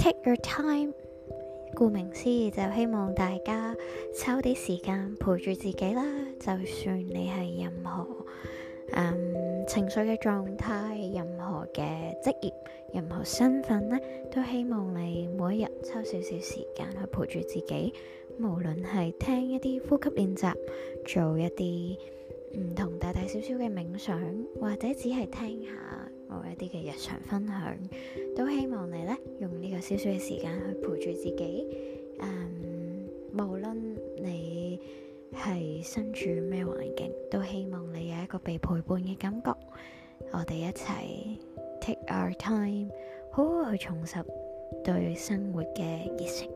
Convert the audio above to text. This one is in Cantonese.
Take your time，顧名思義就希望大家抽啲時間陪住自己啦。就算你係任何、嗯、情緒嘅狀態，任何嘅職業，任何身份咧，都希望你每一日抽少少時間去陪住自己。無論係聽一啲呼吸練習，做一啲唔同大大小小嘅冥想，或者只係聽下。某一啲嘅日常分享，都希望你咧用呢個少少嘅時間去陪住自己。嗯，無論你係身處咩環境，都希望你有一個被陪伴嘅感覺。我哋一齊 take our time，好好去重拾對生活嘅熱情。